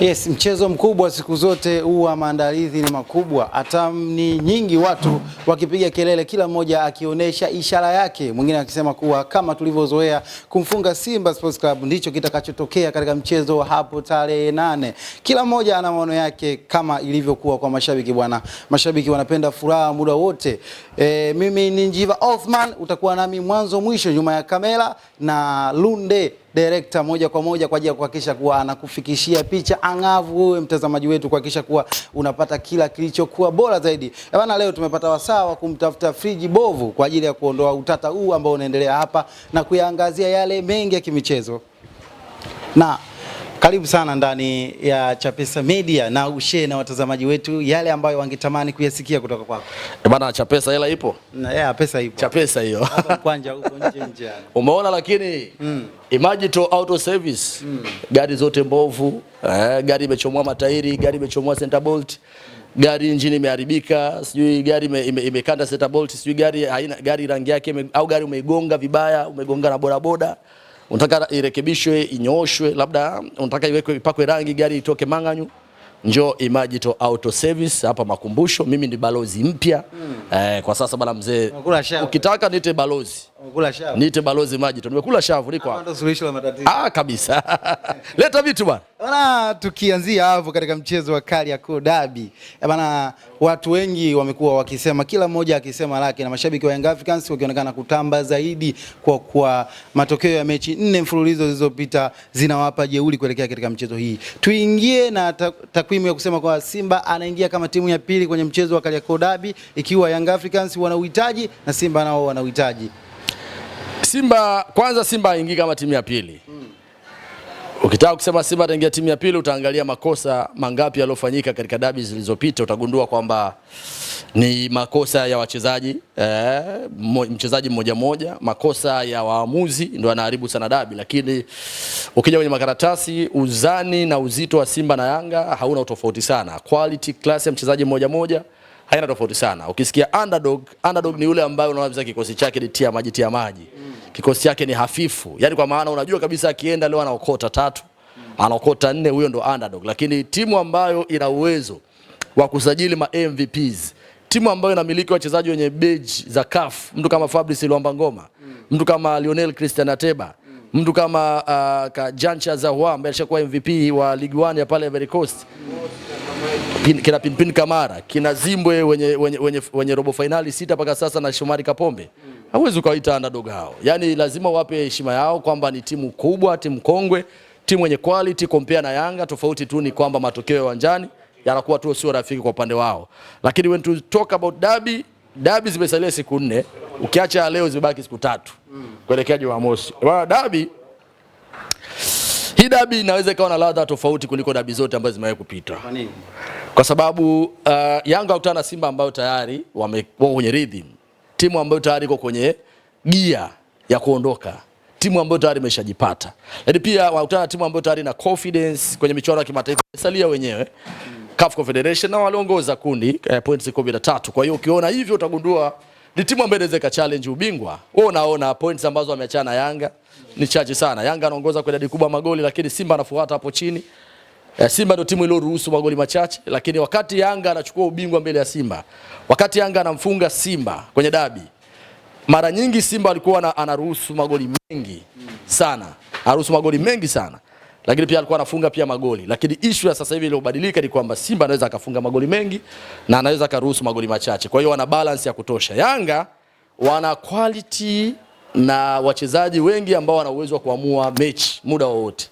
Yes, mchezo mkubwa siku zote huwa maandalizi ni makubwa. hata ni nyingi, watu wakipiga kelele, kila mmoja akionyesha ishara yake, mwingine akisema kuwa kama tulivyozoea kumfunga Simba Sports Club ndicho kitakachotokea katika mchezo hapo tarehe nane. Kila mmoja ana maono yake kama ilivyokuwa kwa mashabiki bwana. Mashabiki wanapenda furaha muda wote. E, mimi ni Njiva Othman, utakuwa nami mwanzo mwisho nyuma ya kamera na Lunde director moja kwa moja kwa ajili ya kuhakikisha kuwa anakufikishia picha angavu wewe mtazamaji wetu, kuhakikisha kuwa unapata kila kilichokuwa bora zaidi. Eh, Bwana, leo tumepata wasaa wa kumtafuta friji bovu kwa ajili ya kuondoa utata huu ambao unaendelea hapa na kuyaangazia yale mengi ya kimichezo na karibu sana ndani ya Chapesa Media na ushe na watazamaji wetu yale ambayo wangetamani kuyasikia kutoka kwako. Eh, bana Chapesa hela ipo? Na yeah, pesa ipo. Chapesa hiyo. Hapo kwanja huko nje nje. Umeona lakini mm. Imagine auto service. Mm. Gari zote mbovu, eh, gari imechomwa matairi, gari imechomwa center bolt. Gari injini imeharibika, sijui gari imekanda ime, ime center bolt, sijui gari haina gari rangi yake au gari umeigonga vibaya, umegonga na bodaboda unataka irekebishwe, inyoshwe, labda unataka iwekwe, ipakwe rangi, gari itoke mang'anyu, njoo Imagito Auto Service hapa Makumbusho. Mimi ni balozi mpya mm. Eh, kwa sasa bwana mzee, ukitaka nite balozi Niite balozi maji tu. Nimekula shavu niko hapo. Ndio suluhisho la matatizo. Ah, kabisa. Leta vitu bwana. Bwana, tukianzia hapo katika mchezo wa kali Kariakoo Derby. Eh, bwana, watu wengi wamekuwa wakisema, kila mmoja akisema lake, na mashabiki wa Young Africans wakionekana kutamba zaidi kwa kwa matokeo ya mechi nne mfululizo zilizopita zinawapa jeuri kuelekea katika mchezo hii. Tuingie na takwimu ya kusema kwa Simba anaingia kama timu ya pili kwenye mchezo wa Kariakoo Derby ikiwa Young Africans wanauhitaji na Simba nao wanauhitaji. Simba kwanza, Simba haingii kama timu ya pili mm. Ukitaka kusema Simba ataingia timu ya pili, utaangalia makosa mangapi yaliyofanyika katika dabi zilizopita, utagundua kwamba ni makosa ya wachezaji eh, mchezaji mmoja mmoja, makosa ya waamuzi ndio anaharibu sana dabi. Lakini ukija kwenye makaratasi, uzani na uzito wa Simba na Yanga hauna utofauti sana, quality class ya mchezaji mmoja mmoja haina tofauti sana. Ukisikia underdog, underdog ni yule ambaye unaona kikosi chake ni tia maji tia maji, kikosi chake ni hafifu, yaani kwa maana unajua kabisa akienda leo anaokota tatu anaokota nne, huyo ndo underdog. Lakini timu ambayo ina uwezo wa kusajili ma MVPs, timu ambayo inamiliki wachezaji wenye beji za CAF, mtu kama Fabrice Luamba Ngoma, mtu kama Lionel Christian Ateba, mtu kama uh, Kajancha Zahua ambaye alishakuwa MVP wa Ligue 1 ya pale Ivory Coast pin, kina Pinpin Kamara kina Zimbwe wenye, wenye, wenye, wenye robo finali sita mpaka sasa na Shomari Kapombe hauwezi mm. ukawaita underdog hao, yani lazima wape heshima yao kwamba ni timu kubwa, timu kongwe, timu yenye quality kompea na Yanga. Tofauti tu ni kwamba matokeo ya uwanjani yanakuwa tu sio rafiki kwa upande wao, lakini when to talk about dabi dabi zimesalia siku nne, ukiacha leo zimebaki siku tatu kuelekea Jumamosi. Bwana dabi hii dabi inaweza ikawa na ladha tofauti kuliko dabi zote ambazo zimewahi kupita. Kwa nini? Kwa sababu uh, Yanga hukutana na Simba ambayo tayari wamekuwa kwenye rhythm, timu ambayo tayari iko kwenye gia ya kuondoka, timu ambayo tayari imeshajipata. Lakini pia wakutana na timu ambayo tayari na confidence kwenye michuano ya kimataifa, salia wenyewe CAF Confederation na waliongoza kundi eh, points 13. Kwa hiyo ukiona hivyo utagundua ni timu ambayo inaweza challenge ubingwa. Wewe unaona points ambazo wameachana Yanga ni chache sana. Yanga anaongoza kwa idadi kubwa magoli, lakini Simba anafuata hapo chini. Simba ndio timu iliyoruhusu magoli machache, lakini wakati Yanga anachukua ubingwa mbele ya Simba, wakati Yanga anamfunga Simba kwenye dabi, mara nyingi Simba alikuwa anaruhusu magoli mengi sana, anaruhusu magoli mengi sana, lakini pia alikuwa anafunga pia magoli. Lakini ishu ya sasa hivi iliyobadilika ni kwamba Simba anaweza akafunga magoli mengi na anaweza akaruhusu magoli machache, kwa hiyo wana balance ya kutosha. Yanga wana quality na wachezaji wengi ambao wana uwezo wa kuamua mechi muda wowote.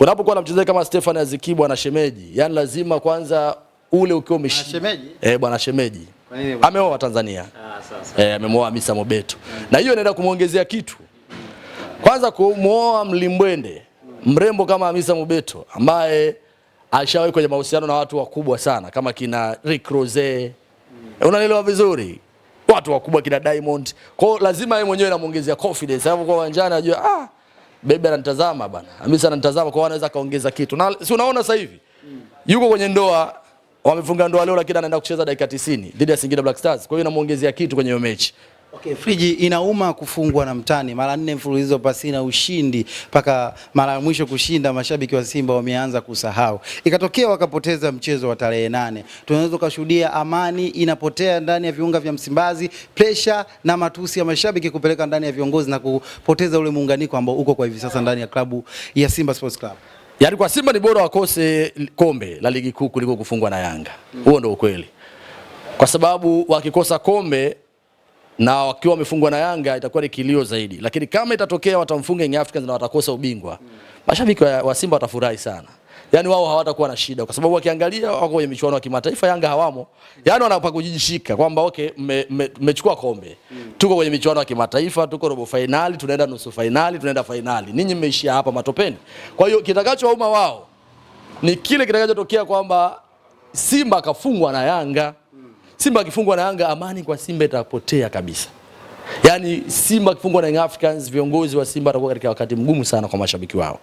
Unapokuwa na mchezaji kama Stefan Azikibwa na Shemeji, yani lazima kwanza ule ukiwa umeshinda. Eh, bwana Shemeji ameoa Tanzania. Ah, sawa. Eh, ameoa Hamisa Mobeto. Hmm. Na hiyo inaenda kumuongezea kitu. Kwanza kumwoa mlimbwende mrembo kama Hamisa Mobeto ambaye alishawahi kwenye mahusiano na watu wakubwa sana kama kina Rick Rose. Hmm. Unanielewa vizuri? watu wakubwa kina Diamond. Kwa hiyo lazima yeye mwenyewe anamuongezea confidence. Sababu kwa uwanjani anajua ah, bebe ananitazama bana. Hamisa ananitazama kwa anaweza kaongeza kitu. Na si unaona sasa hivi? Yuko kwenye ndoa, wamefunga ndoa leo lakini anaenda kucheza dakika 90 dhidi ya Singida Black Stars. Kwa hiyo inamuongezea kitu kwenye hiyo mechi. Okay, friji inauma kufungwa na mtani mara nne mfululizo pasina ushindi, mpaka mara ya mwisho kushinda mashabiki wa Simba wameanza kusahau, ikatokea wakapoteza mchezo wa tarehe nane. Tunaweza ukashuhudia amani inapotea ndani ya viunga vya Msimbazi, presha na matusi ya mashabiki kupeleka ndani ya viongozi na kupoteza ule muunganiko ambao uko kwa hivi sasa ndani ya klabu ya Simba Sports Club. Yaani kwa Simba ni bora wakose kombe la ligi kuu kuliko kufungwa na Yanga. Huo mm, ndio ukweli, kwa sababu wakikosa kombe na wakiwa wamefungwa na Yanga itakuwa ni kilio zaidi, lakini kama itatokea watamfunga Young Africans na watakosa ubingwa, mashabiki wa Simba watafurahi sana. yani wao hawatakuwa na shida kwa sababu wakiangalia wako kwenye michuano ya kimataifa, Yanga hawamo. yani wanapa kujishika kwamba okay, mmechukua me, me, kombe. Tuko kwenye michuano ya kimataifa, tuko robo finali, tunaenda nusu finali, tunaenda finali. Ninyi mmeishia hapa matopeni. Kwa hiyo kitakachowauma wao ni kile kitakachotokea kwamba Simba akafungwa na Yanga. Simba akifungwa na Yanga, amani kwa Simba itapotea kabisa. Yaani Simba akifungwa na Young Africans, viongozi wa Simba watakuwa katika wakati mgumu sana kwa mashabiki wao.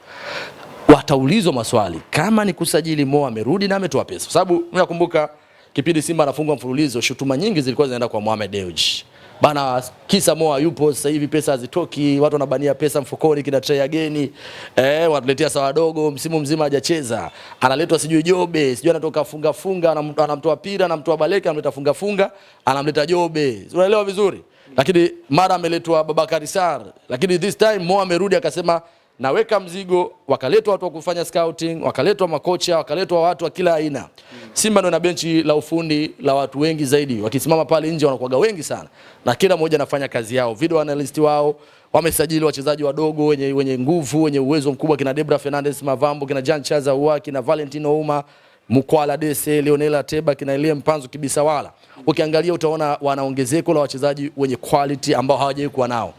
Wataulizwa maswali kama ni kusajili Mo amerudi na ametoa pesa, kwa sababu nakumbuka kipindi Simba anafungwa mfululizo, shutuma nyingi zilikuwa zinaenda kwa Mohamed Dewji bana kisa Moa yupo sasa hivi, pesa hazitoki, watu wanabania pesa mfukoni, kina Trey ageni eh, wanatuletea sawa dogo, msimu mzima hajacheza, analetwa sijui Jobe, sijui anatoka funga funga, anamtoa Pira, anamtoa Baleka, anamleta funga funga, anamleta Jobe, unaelewa vizuri. Lakini mara ameletwa babakarisar lakini this time Moa amerudi akasema naweka mzigo, wakaletwa watu wa kufanya scouting, wakaletwa makocha, wakaletwa watu wa kila aina. Simba ndio na benchi la ufundi la watu wengi zaidi, wakisimama pale nje wanakuwaga wengi sana, na kila mmoja anafanya kazi yao. Video analyst wao wamesajili wachezaji wadogo wenye, wenye nguvu wenye uwezo mkubwa, kina Debra Fernandez Mavambo, kina Jean Chaza Uwa, kina Valentino Uma Mkwala Dese, Leonela Teba, kina Elie Mpanzu Kibisawala. Ukiangalia utaona wanaongezeko la wachezaji wenye quality ambao hawajawahi kuwa nao.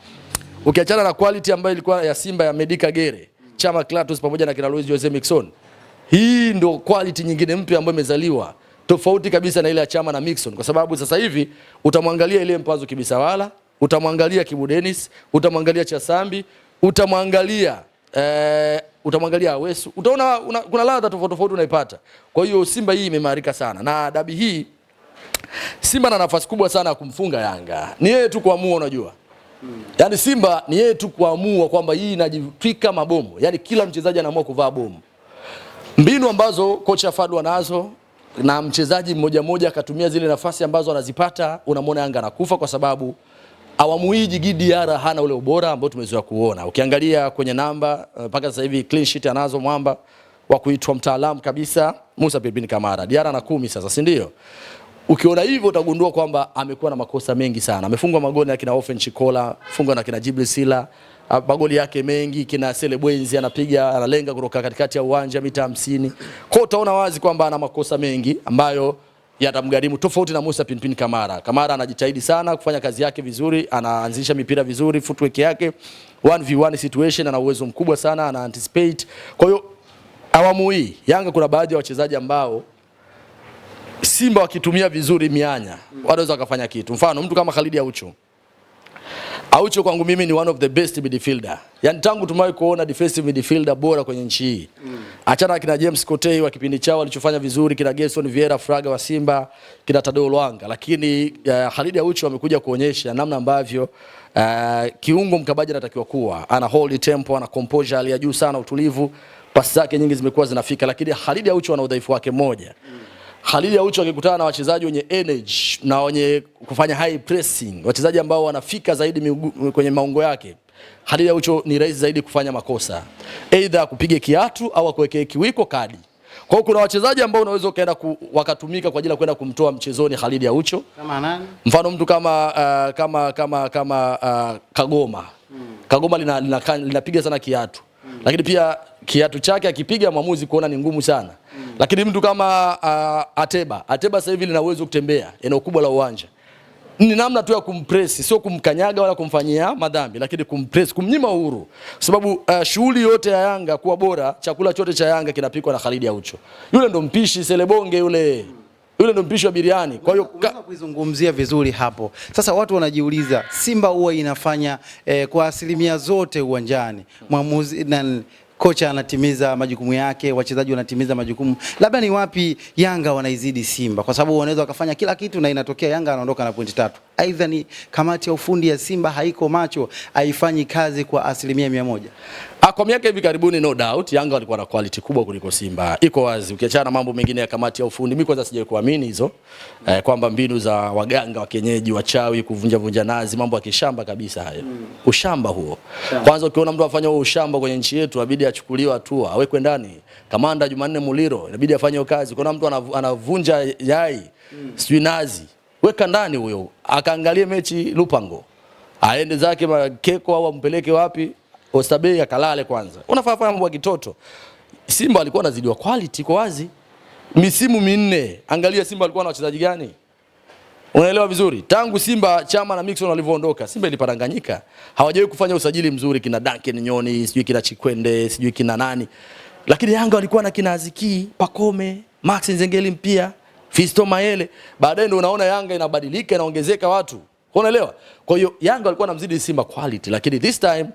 Ukiachana na quality ambayo ilikuwa ya Simba ya Medika Gere, Chama Clatous pamoja na kina Luis Jose Mixon. Hii ndio quality nyingine mpya ambayo imezaliwa tofauti kabisa na ile ya Chama na Mixon, kwa sababu sasa hivi utamwangalia ile Mpazo Kibisawala, utamwangalia Kibu Dennis, utamwangalia Chasambi, utamwangalia eh, utamwangalia Awesu, utaona una, kuna ladha tofauti tofauti unaipata. Kwa hiyo Simba hii imeimarika sana, na dabi hii Simba na nafasi kubwa sana ya kumfunga Yanga, ni yeye tu kuamua, unajua. Hmm. Yaani Simba ni yeye tu kuamua kwamba hii inajitwika mabomu. Yaani kila mchezaji anaamua kuvaa bomu. Mbinu ambazo kocha Fadwa anazo na mchezaji mmoja mmoja akatumia zile nafasi ambazo anazipata, unamwona Yanga anakufa kwa sababu awamu hii Djigui Diarra hana ule ubora ambao tumezoea kuona. Ukiangalia kwenye namba eh, mpaka sasa hivi clean sheet anazo mwamba wa kuitwa mtaalamu kabisa Musa Pepin Kamara. Diarra na kumi sasa, si ndio? Ukiona hivyo utagundua kwamba amekuwa na makosa mengi sana. Amefungwa magoli na kina Ofen Chikola, fungwa na kina Jibril Sila, ah, magoli yake mengi kina Sele Bwenzi anapiga analenga kutoka katikati ya uwanja mita 50. Kwa utaona wazi kwamba ana makosa mengi ambayo yatamgharimu tofauti na Musa Pinpin Kamara. Kamara anajitahidi sana kufanya kazi yake vizuri, anaanzisha mipira vizuri, footwork yake 1v1 situation ana uwezo mkubwa sana, ana anticipate. Kwa hiyo awamu hii Yanga kuna baadhi ya wachezaji ambao Simba wakitumia vizuri mianya wanaweza wakafanya kitu. Mfano mtu kama Khalid Aucho. Aucho kwangu mimi ni one of the best midfielder. Yaani tangu tumewahi kuona defensive midfielder bora kwenye nchi hii. Mm. Achana kina James Kotei wa kipindi chao walichofanya vizuri, kina Gerson Vieira Fraga wa Simba, kina Tadeo Lwanga, lakini uh, Khalid Aucho amekuja kuonyesha namna ambavyo uh, kiungo mkabaji anatakiwa kuwa. Ana hold tempo, ana composure hali ya juu sana, utulivu. Pasi zake nyingi zimekuwa zinafika, lakini Khalid Aucho ana udhaifu wake mmoja. Mm. Khalili Aucho akikutana na wachezaji wenye energy na wenye kufanya high pressing, wachezaji ambao wanafika zaidi migu, kwenye maungo yake, Khalili Aucho ni rahisi zaidi kufanya makosa, aidha kupiga kiatu au akuwekee kiwiko kadi. Kwa hiyo kuna wachezaji ambao unaweza ukaenda ku, wakatumika kwa ajili ya kwenda kumtoa mchezoni Khalili Aucho. Kama nani? Mfano mtu kama uh, kama kama kama uh, Kagoma. Hmm. Kagoma linapiga lina, lina sana kiatu. Hmm. Lakini pia kiatu chake akipiga mwamuzi kuona ni ngumu sana mm. Lakini mtu kama uh, Ateba Ateba sasa hivi lina uwezo kutembea eneo kubwa la uwanja, ni namna tu ya kumpress, sio kumkanyaga wala kumfanyia madhambi, lakini kumpress, kumnyima uhuru, sababu uh, shughuli yote ya Yanga kuwa bora, chakula chote cha Yanga kinapikwa na Khalid Aucho. Yule ndo mpishi selebonge yule mm. Yule ndo mpishi wa biriani. Kwa hiyo kuizungumzia vizuri hapo. Sasa watu wanajiuliza Simba huwa inafanya eh, kwa asilimia zote uwanjani mwamuzi na kocha anatimiza majukumu yake, wachezaji wanatimiza majukumu. Labda ni wapi Yanga wanaizidi Simba? Kwa sababu wanaweza wakafanya kila kitu na inatokea Yanga anaondoka na pointi tatu. Aidha ni kamati ya ufundi ya Simba haiko macho, haifanyi kazi kwa asilimia mia moja. Ah, kwa miaka hivi karibuni, no doubt Yanga walikuwa na quality kubwa kuliko Simba, iko wazi. Ukiachana na mambo mengine ya kamati ya ufundi, mimi kwanza sijawahi kuamini hizo eh, kwamba mbinu za waganga wa kienyeji, wachawi, kuvunja vunja nazi, mambo ya kishamba kabisa hayo. Hmm. Ushamba huo kwanza, ukiona mtu afanya huo ushamba kwenye nchi yetu abidi inabidi achukuliwe hatua, awekwe ndani. Kamanda Jumanne Muliro inabidi afanye kazi. Kuna mtu anavunja yai mm. sijui nazi, weka ndani huyo, akaangalie mechi Lupango, aende zake Makeko au ampeleke wapi Oysterbay akalale kwanza. Unafaa fahamu ya kitoto. Simba alikuwa anazidiwa quality kwa wazi, misimu minne. Angalia Simba alikuwa na wachezaji gani? Unaelewa vizuri. Tangu Simba Chama na Mixon walivyoondoka, Simba iliparanganyika. Hawajawahi kufanya usajili mzuri kina Duncan Nyoni, sijui kina Chikwende, sijui kina nani. Lakini Yanga walikuwa na kina Aziki, Pakome, Max Nzengeli mpia, Fisto Maele. Baadaye ndio unaona Yanga inabadilika, inaongezeka watu. Unaelewa? Kwa hiyo Yanga walikuwa wanamzidi Simba quality, lakini this time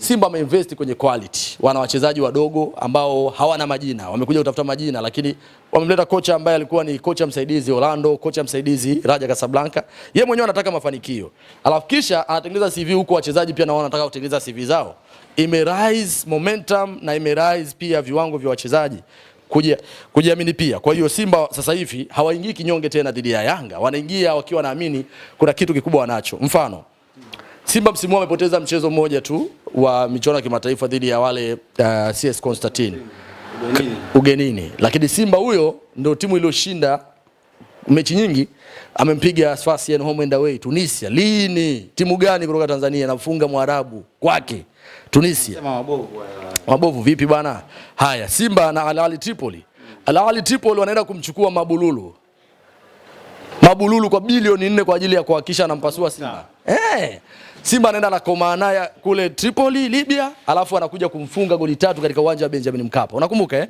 Simba wameinvest kwenye quality, wana wachezaji wadogo ambao hawana majina, wamekuja kutafuta majina, lakini wamemleta kocha ambaye alikuwa ni kocha msaidizi Orlando, kocha msaidizi Raja Casablanca. Yeye mwenyewe anataka mafanikio, alafu kisha anatengeneza CV huko, wachezaji pia nao wanataka kutengeneza CV zao. Ime rise momentum na ime rise pia viwango vya wachezaji kuja kujiamini pia. Kwa hiyo Simba sasa hivi hawaingii kinyonge tena dhidi ya Yanga, wanaingia wakiwa naamini kuna kitu kikubwa wanacho. Mfano Simba msimu wamepoteza mchezo mmoja tu wa michuano ya kimataifa dhidi ya wale uh, CS Constantine ugenini. Ugenini, lakini Simba huyo ndio timu iliyoshinda mechi nyingi, amempiga Sfaxien home and away. Tunisia lini? Timu gani kutoka Tanzania nafunga Mwarabu kwake Tunisia? Sema mabovu, mabovu vipi bwana? Haya, Simba na Al Ahly Tripoli. Al Ahly Tripoli wanaenda kumchukua Mabululu Babululu kwa bilioni nne kwa ajili ya kuhakikisha anampasua Simba. Eh. Simba anaenda anakoma naye kule Tripoli, Libya, alafu anakuja kumfunga goli tatu katika uwanja wa Benjamin Mkapa. Unakumbuka eh?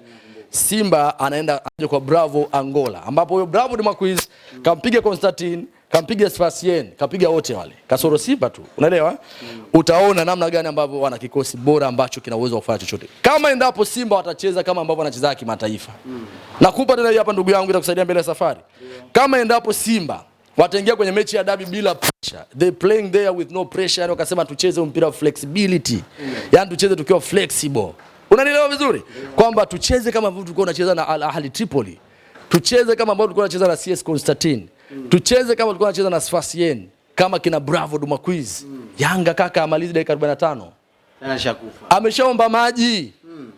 Simba anaenda kwa Bravo Angola ambapo huyo Bravo de Marquez kampiga Constantine kampiga Sfaxien, kampiga wote wale. Kasoro Simba tu. Unaelewa? Mm. Utaona namna gani ambavyo wana kikosi bora ambacho kina uwezo wa kufanya chochote. Kama endapo Simba watacheza kama ambavyo wanacheza kimataifa. Mm. Nakupa tena hapa ndugu yangu itakusaidia mbele ya safari. Yeah. Kama endapo Simba wataingia kwenye mechi ya dabi bila pressure. They playing there with no pressure. Yani wakasema tucheze mpira wa flexibility. Mm. Yaani tucheze tukiwa flexible. Unanielewa vizuri? Yeah. Kwamba tucheze kama ambavyo tulikuwa tunacheza na Al Ahli Tripoli. Tucheze kama ambavyo tulikuwa tunacheza na CS Constantine mm. tucheze kama tulikuwa tunacheza na Sfaxien kama kina Bravo Duma Quiz mm. Yanga kaka amalize dakika 45 anashakufa ameshaomba maji mm.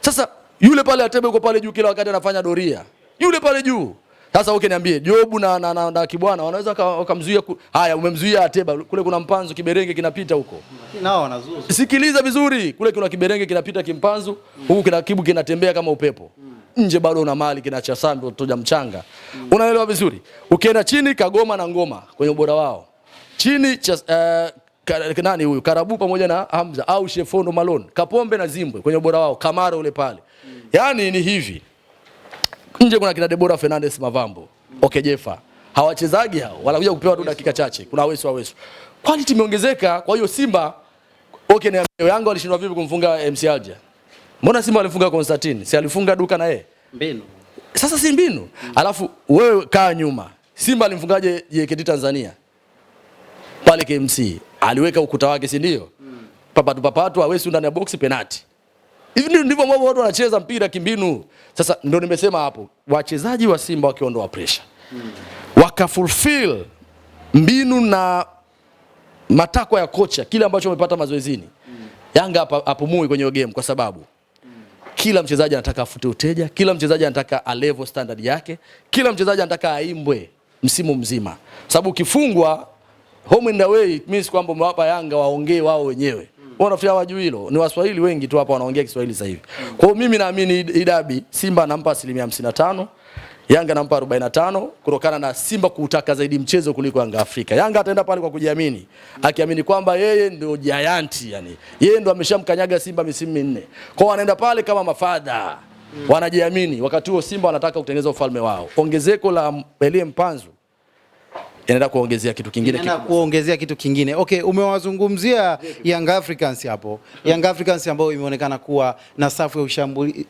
Sasa yule pale Atebe yuko pale juu, kila wakati anafanya doria yule pale juu. Sasa uke niambie Jobu na, na, na, na Kibwana wanaweza wakamzuia. ku... Haya, umemzuia Ateba kule, kuna mpanzu kiberenge kinapita huko nao wanazuzu. Sikiliza vizuri, kule kuna kiberenge kinapita kimpanzu mm. huku, kina kibu kinatembea kama upepo mm nje bado una mali kina cha sambi tuja mchanga. Mm. Unaelewa vizuri. Ukienda chini Kagoma na Ngoma kwenye ubora wao. Chini cha uh, ka, nani huyu Karabu pamoja na Hamza au Shefondo Malone, Kapombe na Zimbwe kwenye ubora wao, Kamara ule pale. Mm. Yaani ni hivi. Nje kuna kina Debora Fernandez Mavambo, mm. Okejefa. Hawachezagi hao, wanakuja kupewa tu dakika chache. Kuna Wesu wa Wesu. Quality imeongezeka, kwa hiyo Simba okay, ni Yanga walishindwa vipi kumfunga MC Alger? Mbona Simba alifunga Konstantini? Si alifunga duka na yeye? Mbinu. Sasa si mbinu. Mm. Alafu wewe kaa nyuma. Simba alimfungaje JKT Tanzania? Pale KMC. Aliweka ukuta wake, si ndio? Mm. Papa tu papa tu awesi ndani ya box penalty. Hivi ndivyo mambo watu wanacheza mpira kimbinu. Sasa ndio nimesema hapo. Wachezaji wa Simba wakiondoa pressure. Mm. Waka fulfill mbinu na matakwa ya kocha kile ambacho wamepata mazoezini. Mm. Yanga hapumui kwenye game kwa sababu kila mchezaji anataka afute uteja, kila mchezaji anataka alevo standard yake, kila mchezaji anataka aimbwe msimu mzima, sababu ukifungwa home and away means kwamba umewapa Yanga waongee wao wenyewe mm. wao nafikiri hawajui hilo. Ni Waswahili wengi tu hapa wanaongea Kiswahili sasa hivi. Kwa hiyo mimi naamini idabi Simba anampa asilimia hamsini Yanga nampa 45 kutokana na Simba kuutaka zaidi mchezo kuliko Yanga Afrika. Yanga ataenda pale kwa kujiamini, akiamini kwamba yeye ndio giant yani. Yeye ndio ameshamkanyaga Simba misimu minne. Kwao wanaenda pale kama mafadha. Wanajiamini. Wakati huo Simba wanataka kutengeneza ufalme wao. Ongezeko la Elie Mpanzu yanaenda kuongezea kitu kingine, yanaenda kuongezea kitu kingine. Okay, umewazungumzia Young Africans hapo, Young Africans ambayo imeonekana kuwa na safu ya ushambuli,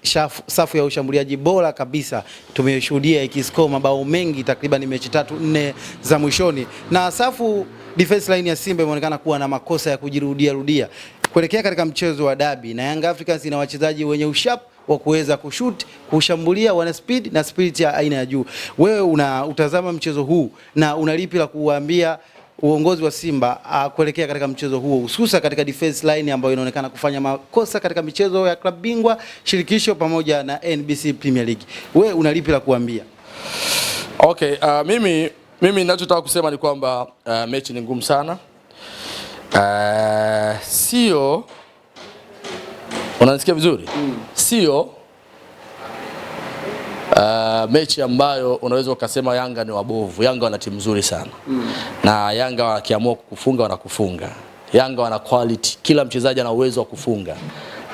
safu ya ushambuliaji bora kabisa, tumeshuhudia ikiskoa mabao mengi takriban mechi tatu nne za mwishoni, na safu defense line ya Simba imeonekana kuwa na makosa ya kujirudia rudia kuelekea katika mchezo wa dabi, na Young Africans ina wachezaji wenye ushapu wa kuweza kushoot, kushambulia, wana speed na spirit ya aina ya juu. Wewe unautazama mchezo huu na unalipi la kuambia uongozi wa Simba uh, kuelekea katika mchezo huo hususa katika defense line ambayo inaonekana kufanya makosa katika michezo ya klabu bingwa shirikisho pamoja na NBC Premier League. We unalipi la kuambia? Okay, uh, mimi mimi ninachotaka kusema ni kwamba uh, mechi ni ngumu sana uh, sio Unanisikia vizuri? Mm. Sio uh, mechi ambayo unaweza ukasema Yanga ni wabovu. Yanga wana timu nzuri sana mm. na Yanga wakiamua kufunga wanakufunga. Yanga wana quality, kila mchezaji ana uwezo wa kufunga.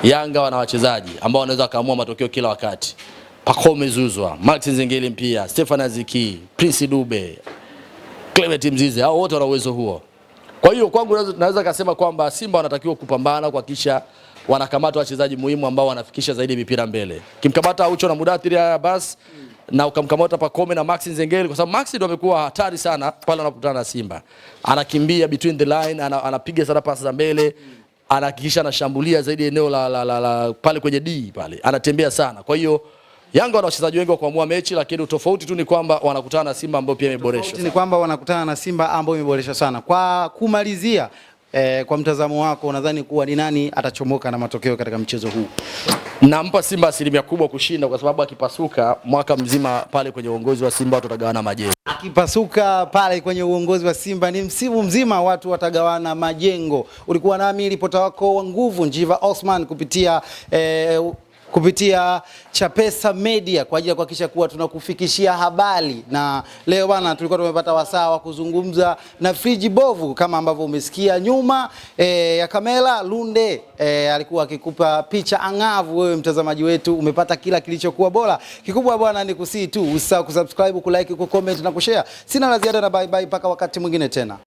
Yanga wana wachezaji ambao wanaweza kaamua matokeo kila wakati. Pacome Zuzwa, Martin Zengeli mpia Stefan Aziki, Prince Dube, Clement Mzize, hao wote wana uwezo huo. Kwa hiyo kwangu naweza kasema kwamba Simba wanatakiwa kupambana kuhakikisha wanakamata wachezaji muhimu ambao wanafikisha zaidi mipira mbele. Kimkamata Aucho na Mudathiri haya basi na ukamkamata Pacome na Maxi Nzengeli kwa sababu Maxi ndo amekuwa hatari sana pale anapokutana na Simba. Anakimbia between the line, anapiga sana pasi za mbele, anahakikisha anashambulia zaidi eneo la, la, la, la pale kwenye D pale. Anatembea sana. Kwa hiyo Yanga wana wachezaji wengi wa kuamua mechi, lakini tofauti tu ni kwamba wanakutana na Simba ambao pia imeboreshwa. Ni kwamba wanakutana na Simba ambao imeboreshwa sana. Kwa kumalizia, E, kwa mtazamo wako unadhani kuwa ni nani atachomoka na matokeo katika mchezo huu? Nampa Simba asilimia kubwa kushinda, kwa sababu akipasuka mwaka mzima pale kwenye uongozi wa Simba watu watagawana majengo. Akipasuka pale kwenye uongozi wa Simba ni msimu mzima watu watagawana majengo. Ulikuwa nami ripota wako wa nguvu Njiva Osman kupitia e, kupitia Chapesa Media kwa ajili ya kuhakikisha kuwa tunakufikishia habari. Na leo bwana, tulikuwa tumepata wasaa wa kuzungumza na Friji Bovu kama ambavyo umesikia nyuma e, ya kamera Lunde e, alikuwa akikupa picha angavu. Wewe mtazamaji wetu umepata kila kilichokuwa bora. Kikubwa bwana, ni kusii tu usisahau kusubscribe, kulike, kucomment na kushare. Sina la ziada na bye bye mpaka wakati mwingine tena.